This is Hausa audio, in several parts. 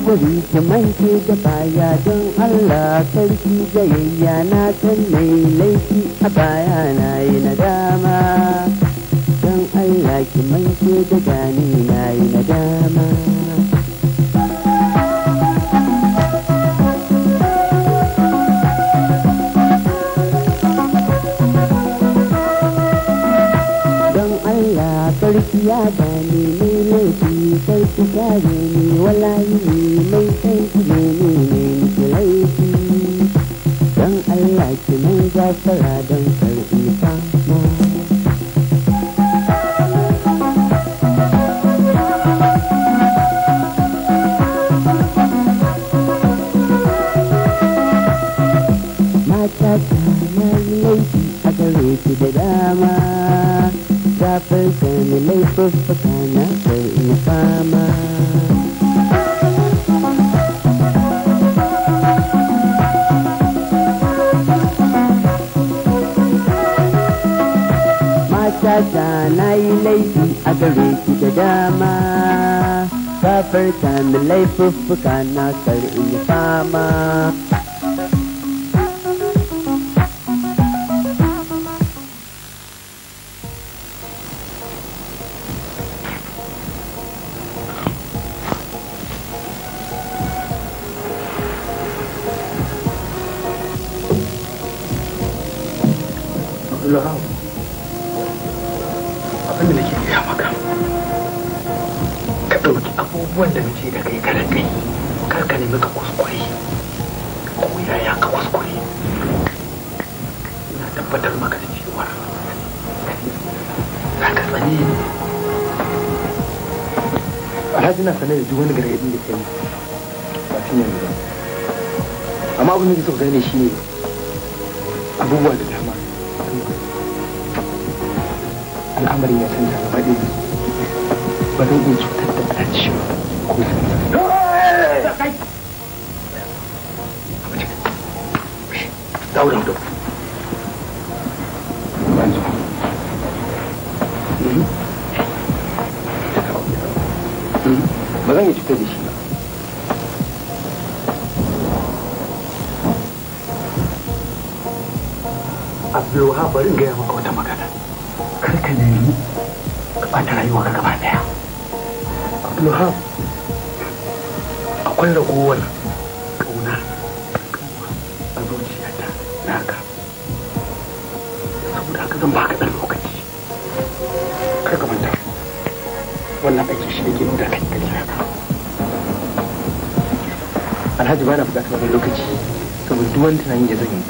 guri ki mance da baya don Allah sarki gayayya na san ne laifi a baya na yi na dama don Allah ki mance da gani na yi na dama. ikare ni wallahi mai san ki ne ne ki laifi Don Allah ki mai gafara dan karbi fama Mata ta na laifi a gare da dama, ta farka ni laifin fakana yi fama matata na yi laifi a gare ki da dama gafarta min laifuffuka na kar fama na ji na sanar da duk wani gargaɗin da kai ba tun yanzu ba amma abin da suka gane shi ne abubuwa da dama al'amarin ya ta gaba ɗaya ba zan iya cutar da ɗaci ba ko zan daura da ku zan yi cutar da shi bari gaya maka magana kar ka nemi ka ɓata rayuwa ka gaba ɗaya abdulwahab akwai ragowar ƙauna a zuciyata naka saboda zan lokaci kar ka manta kai alhaji ba na bukatar wani lokaci saboda duk wani tunanin da zan yi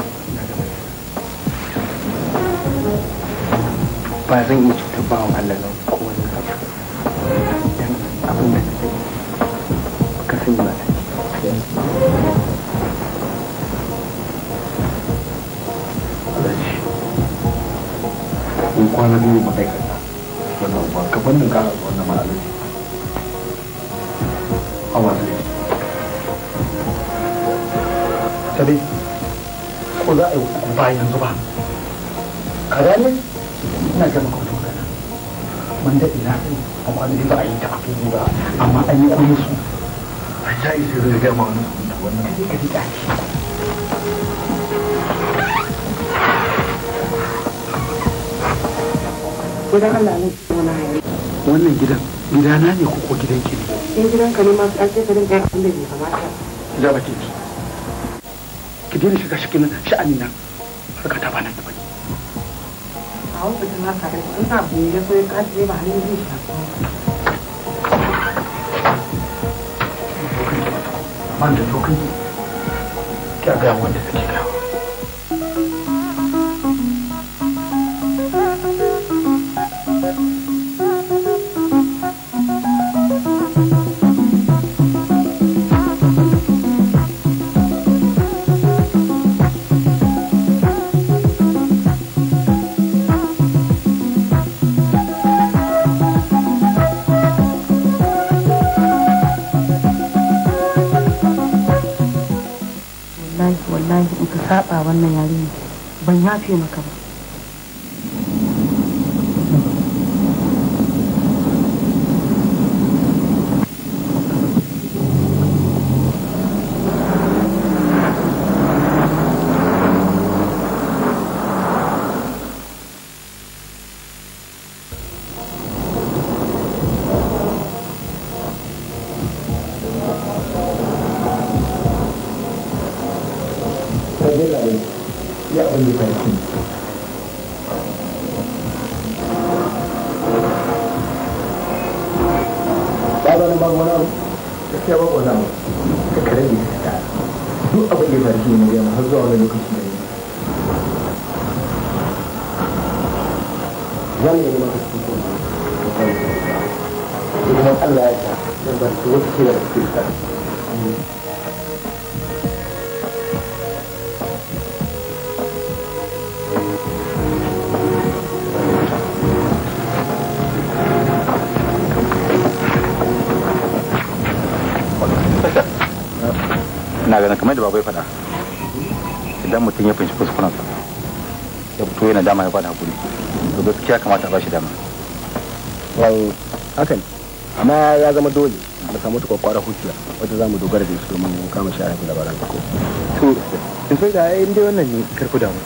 ba zan iya cutar ba wa Allah nan ko wani abu dan abin da ka sani ka sani ba kwana biyu ma'aikata wannan ba ka fannin ka wannan ma'alaji tattare ko za a yi ba yanzu ba a ina ga maka wata magana man daɗe na sani a kwanan ba a yi ta fili ba amma an yi kuma su a ta yi sai zai gama wani su da wannan kaje ka ji ɗaki gidan Allah ne suna wannan gidan gidana ne ko ko gidan ki ne in eh, gidan ka ne ma sai ka rinka abin da bai kamata da bakin ki daina shiga cikin sha'ani na harka ta bana ki bane a wani mutum haka da ina bai ya so ya kaji ba hannun zai shafa man da tokanki ta ga wanda take wannan yarinya ban yafe maka ba 嗯。ina ganin kamar da babai faɗa idan mutum ya fahimci kuskurensa ya fito yana dama ya fada hakuri to gaskiya kamata a bashi dama wai haka amma ya zama dole mu samu tukwakwara hukiya wata za mu dogara da su domin mu kama shi a labaran ko to in sai da in dai wannan ne karku damu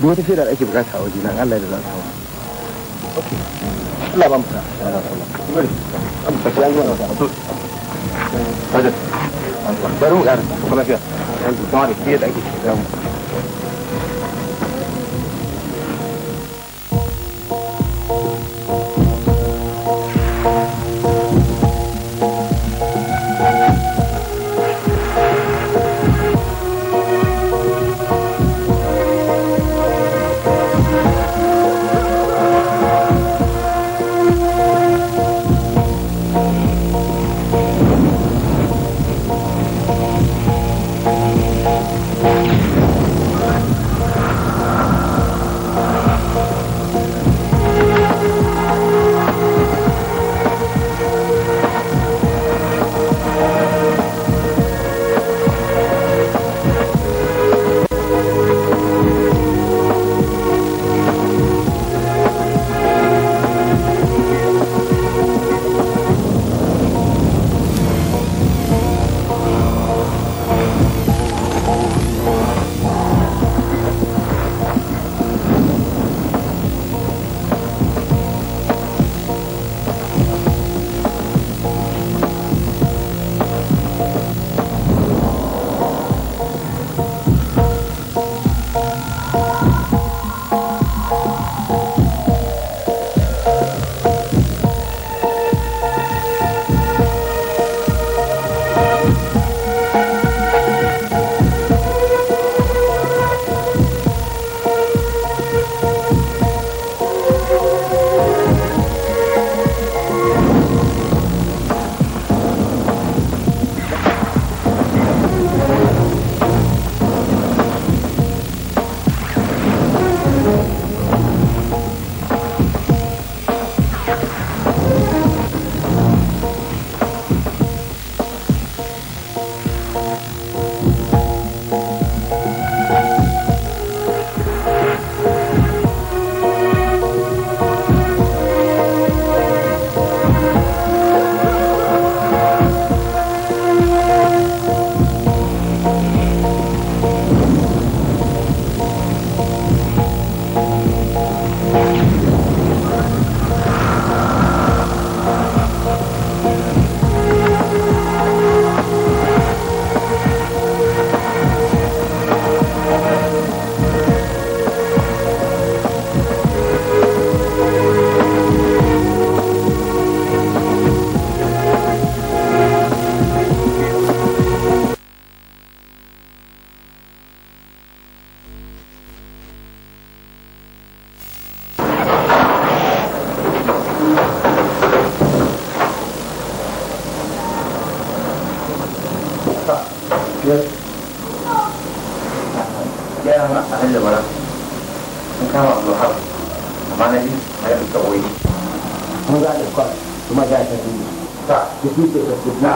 duk wata shaidar ake bukata a waje nan Allah da za su hawa okay Allah ba mu sa Allah ba mu sa Hadi. Bari mu ƙarfi kuma lafiya. Yanzu, ba da fiye da ake shiga mu.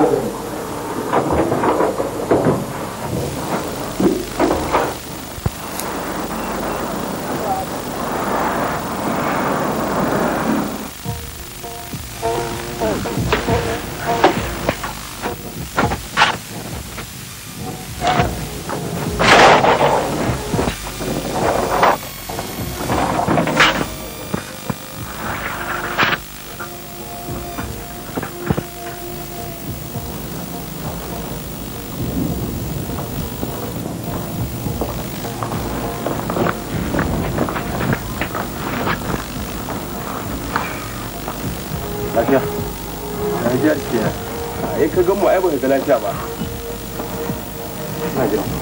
Obrigado. lafiya lafiya ce ai ka gan mu ai ba ka lafiya ba na jira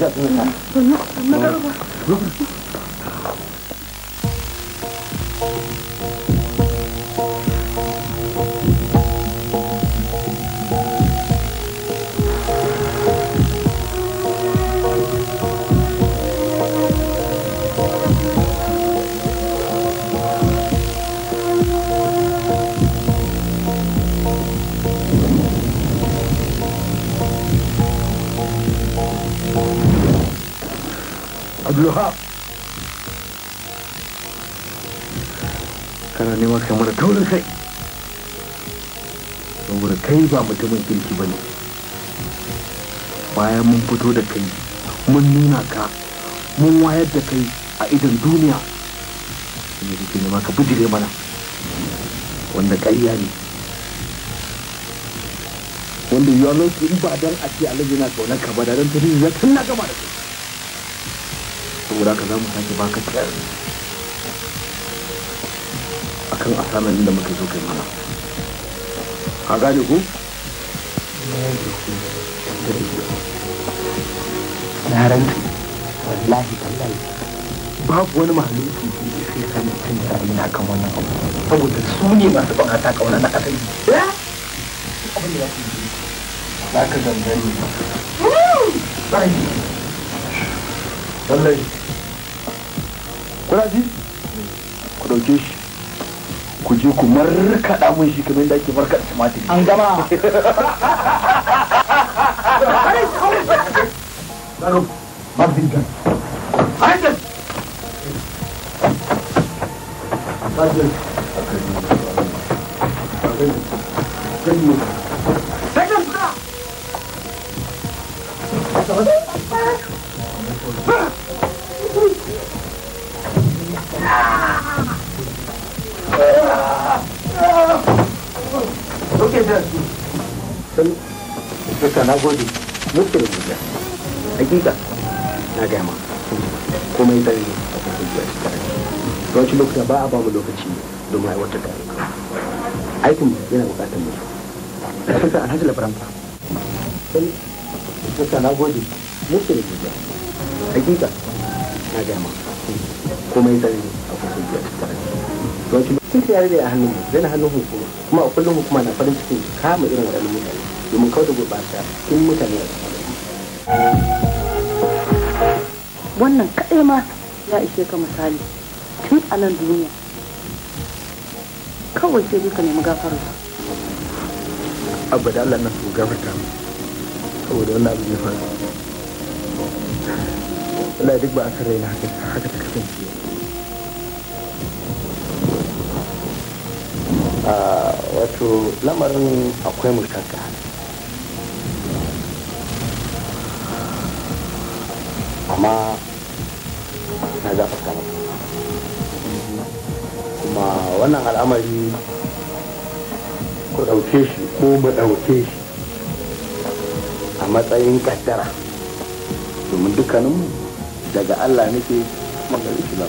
Ancak saurin kai saboda kai ba mutumin kirki ba ne bayan mun fito da kai mun nuna ka mun wayar da kai a idan duniya ne kake nema ka bijire mana wanda ƙarya ne wanda yi wani in ba dan a ce alaji yana kaunar ka ba da don tuni ya tunna gama da su. saboda ka za mu sake baka tsaye akan asamin din da muka zo kai mana a gane ku na ranta wallahi tallahi babu wani mahaluki da ya sai sanin cin da amina kan wannan abu saboda su ne masu ban hata kauna na asali eh? abin da ya fi za ka zangani lallai kuna ji ku ɗauke shi ku je ku markaɗa mun shi kamar yadda ake markaɗa tumatir an gama Ah! ok da duka na gode mutu da hakika na gaya ma komai tsari a kusa zuwa shi tare da wacce lokuta ba a ba mu lokaci domin aiwatar da aikin yana bukatar mutu da suka alhaji labaranta na gode da hakika na gaya ma tsari a zuwa shi don ki tun ki yare a hannun mu yana hannun hukuma kuma a kullum hukuma na farin cikin kama irin waɗannan mutane domin kawai da gurɓata in mutane a wannan kaɗai ma ya ishe ka misali tun a nan duniya kawai sai ka nemi gafarta abu da Allah na so gafarta mu saboda wannan abu ya faru Allah duk ba a kan raina haka ta kasance wato lamarin akwai mutanka amma na gafarta masa kuma wannan al'amari ku ɗauke shi ko mu ɗauke shi a matsayin kaddara domin dukkaninmu daga allah nake magana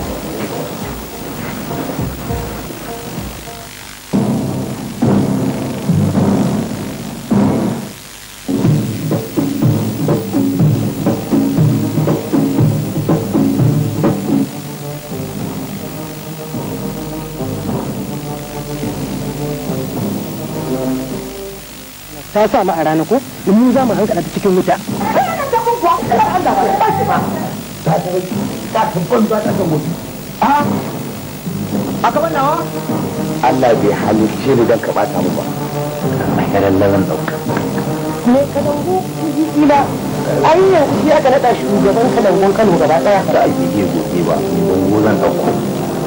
ta sa mu a rana ko mun za mu hankala ta cikin wuta a kamar nawa Allah bai halicci da ka bata mu ba a karan lalan dauka me ka dango jiki na ai yanzu shi aka nada shugaban kalangon Kano gaba daya da ake ke gobe ba bango zan dauko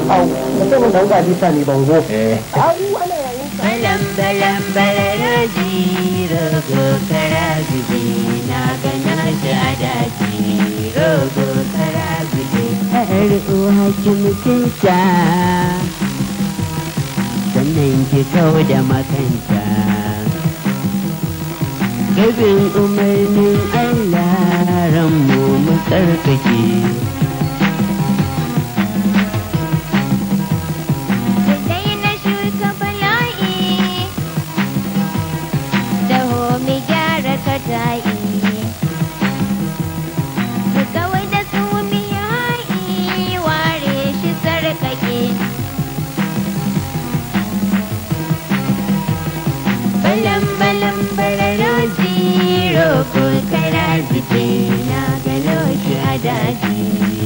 au da sai mun dauka bisa ne bango eh au balam balam balaraji rogo karabiji na gana shi a daji rogo karabiji har uwa ki mutunta sannan ki da makanta gabin umarnin Allah ranmu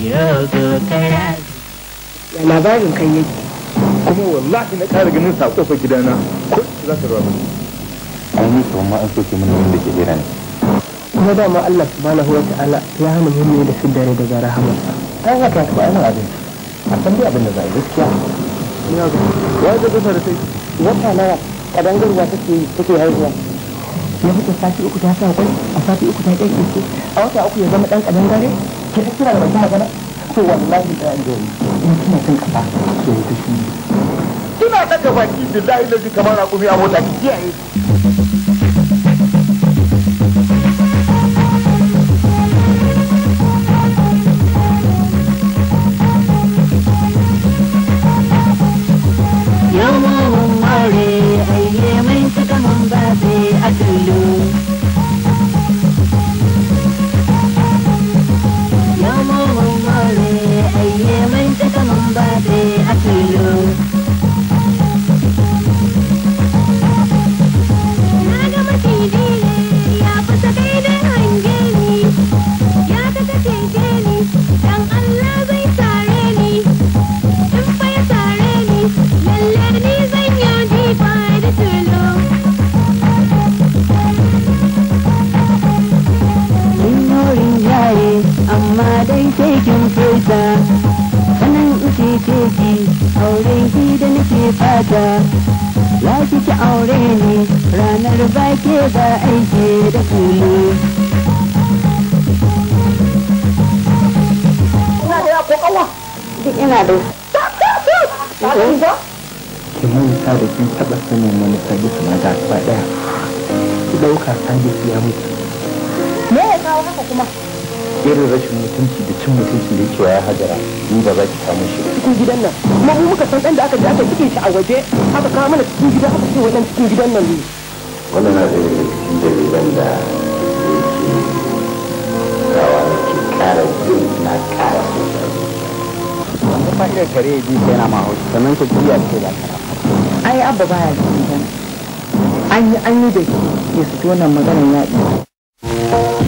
rogo karago ya labarin kan yake kuma wallahi na ƙara ganin sa kofar gidana ko za ta rawa an yi kuma an soke mana wanda ke jira ne kuma ma Allah subhanahu wa ta'ala ya hana mu da fiddare daga rahamarsa ai haka ta bayan abin a san dai abin da za a gaskiya ina ga wai da kusa da kai wata nawa kadangarwa take take haihuwa ya fita sati uku ta sa kwai a sati uku ta kyanke a wata uku ya zama dan kadangare ke ta kira da bakin magana to wallahi da an gari in kina son kafa to ya kashi ina daga baki billahi da kamar raƙumi a mota ki kiyaye aure ne ranar bake da kulu da ko kawa ina da ki da kin taba sanin wani sabis na da ba daya ya mutu me ya kawo haka kuma irin rashin mutunci da cin mutunci da yake ya hajara ni ba za ki samu shi cikin gidan nan kuma mu muka san ɗan da aka je aka cike shi a waje aka kawo mana cikin gidan aka ce wajen cikin gidan nan ne wannan na da cikin dalilan da yake rawa da ke ƙara jin na ƙara so wanda fa'idar kare ya ji sai na ma hausa sannan ta jiya ce da kara ai abba baya cikin gidan an yi an yi da ke su tonan maganar yaƙi